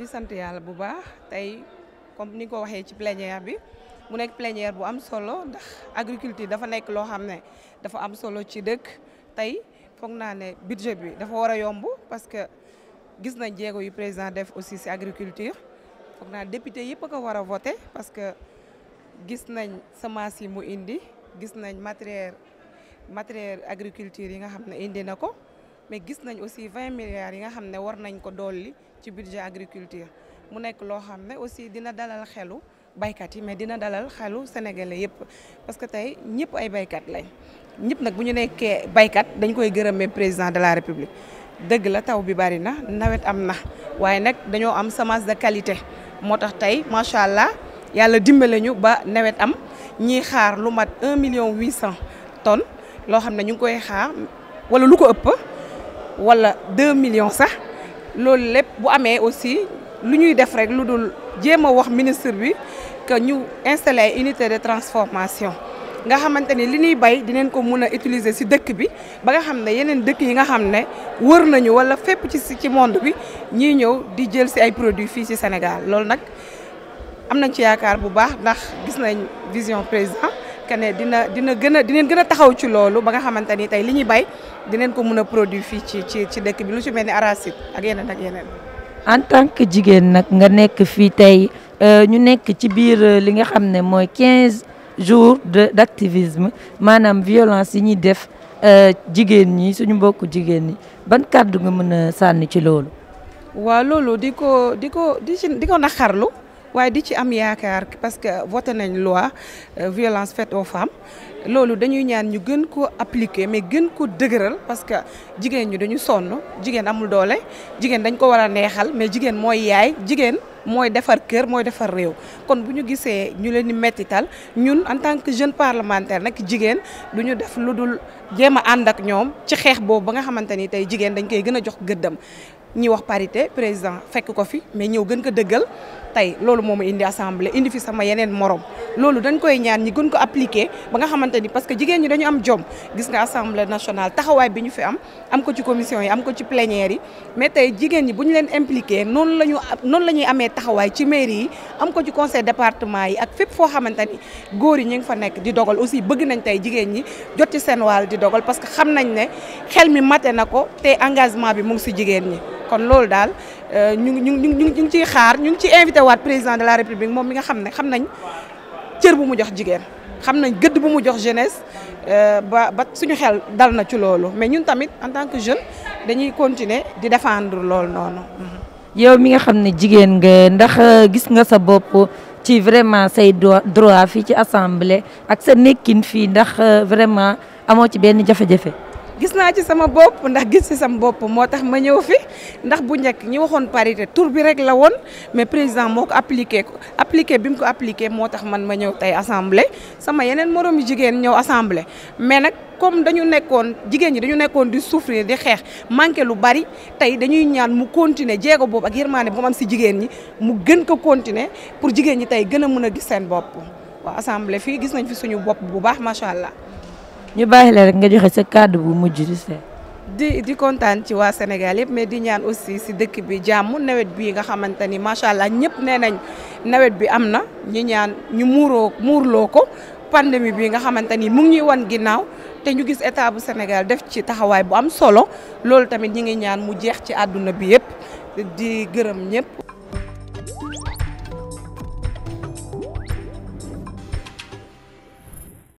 di sant yàlla bu baax tey comme ni nga ko waxee ci plénière bi mu nekk plénière bu am solo ndax agriculture dafa nekk loo xam ne dafa am solo ci dëkk tey foog naa ne budget bi dafa war a yomb parce que gis nañ jéego yu président def aussi si agriculture foog naa député yëpp a ko war a voté parce que gis nañ semence yi mu indi gis nañ matériel matériel agriculture yi nga xam ne indi na ko mais gis nañ aussi vingt milliards yi nga xam ne war nañ ko dolli ci budget agriculture mu nekk loo xam ne aussi dina dalal xelu baykat yi mais dina dalal xelu sénégalais yëpp parce que tey ñëpp ay baykat lañ ñëpp nag bu ñu nekkee baykat dañ koy gërëmee président de la république dëgg la taw bi bari na nawet am na waaye nag dañoo am semence de qualité moo tax tey macha allah yàlla dimbale ñu ba nawet am ñiy xaar lu mat un million huit cent tonnes loo xam ne ñu ngi koy xaar wala lu ko ëpp. wala 2 millions sax loolu lépp bu amee aussi lu ñuy def rek lu dul jéem a wax ministre bi que ñu installé ay unité de transformation nga xamante ni li ñuy bay dinañ ko mun a utiliser ci dëkk bi ba nga xam ne yeneen dëkk yi nga xam ne wër nañu wala fépp ci ci monde bi ñiy ñëw di jël ci ay produits fii ci Sénégal loolu nag am nañ ci yaakaar bu baax ndax gis nañ vision président que ne dina dina gën a dineen gën a taxaw ci loolu ba nga xamante ni tey li ñuy bay dineen ko mun a produit fii ci ci ci dëkk bi lu ci mel ni arachide ak yeneen ak yeneen. en tant que jigéen nag nga nekk fii tey euh, ñu nekk ci biir euh, li nga xam ne mooy 15 jours de activisme maanaam violence yi ñuy def euh, jigéen ñi suñu mbokku jigéen ñi ban kàddu nga mën a sànni ci loolu. waaw loolu di ko di ko di ci di waaye di ci am yaakaar parce que vote nañ loi euh, violence faite aux femmes loolu dañuy ñaan ñu gën koo appliquer mais gën ko dëgëral parce que jigéen ñi dañu sonn jigéen amul doole jigéen dañ ko war a neexal mais jigéen mooy yaay jigéen mooy defar kër mooy defar réew kon bu ñu gisee ñu leen di mettital ñun en tant que jeune parlementaire nag jigéen du ñu def lu dul jéem a ànd ak ñoom ci xeex boobu ba nga xamante ni tey jigéen dañ koy gën a jox gëddam ñi wax parité président fekk ko fi mais ñëw gën ko dëggal tey loolu moom ma indi assemblée indi fi sama yeneen morom loolu dañ koy ñaan ñi gën ko appliqué ba nga xamante ni parce que jigéen ñi dañu am jom gis nga assemblée nationale taxawaay bi ñu fi am am ko ci commission yi am ko ci plénière yi mais tey jigéen ñi bu ñu leen impliqué noonu la ñu noonu la ñuy amee taxawaay ci mairie yi am ko ci conseil département yi ak fépp foo xamante ni góor yi ñu ngi fa nekk di dogal aussi bëgg nañ tey jigéen ñi jot ci seen wàll di dogal parce que xam nañ ne xel mi mate na ko te engagement bi mu ngi si jigéen ñi kon loolu daal euh, ñu ngi ñu ngi ñu ngi ciy xaar ñu ngi ciy invité waat président de la république moom mi nga xam ne xam nañ cër bu mu jox jigéen xam nañ gëdd bu mu jox jeunesse euh, ba ba suñu xel dal na ci loolu mais ñun tamit en tant que jeune dañuy continuer di défendre loolu noonu. Mmh. yow mi nga xam ne jigéen nga ndax euh, gis nga sa bopp ci vraiment say droit fii ci assemblée ak sa nekkin fii ndax vraiment amoo ci benn jafe-jafe. gis naa ci sama bopp ndax gis ci sama bopp moo tax ma ñëw fi ndax bu njëkk ñi waxoon parité tur bi rek la woon mais président moo ko appliqué ko appliqué bi mu ko appliqué moo tax man ma ñëw tey assemblée sama yeneen moroomi jigéen ñëw assemble mais nag comme dañu nekkoon jigéen ñi dañu nekkoon di souffrir di xeex manqué lu bari tey dañuy ñaan mu continuer jéego boobu ak yërmaande bu am si jigéen ñi mu gën ko continuer pour jigéen ñi tey gën a mun a gis seen bopp waaw assemblée fii gis nañ fi suñu bopp bu baax macha allah. ñu bàyyi la rek nga joxe sa kàddu bu mujj di seet. di di kontaan ci waa Sénégal yëpp mais di ñaan aussi si dëkk bi jàmm nawet bii nga xamante ni macha allah ñëpp nee nañ nawet bi am na ñu ñaan ñu muuroo muurloo ko pandémie bi nga xamante ni mu ngi ñuy wan ginnaaw te ñu gis état bu Sénégal def ci taxawaay bu am solo loolu tamit ñi ngi ñaan mu jeex ci àdduna bi yëpp di gërëm ñëpp.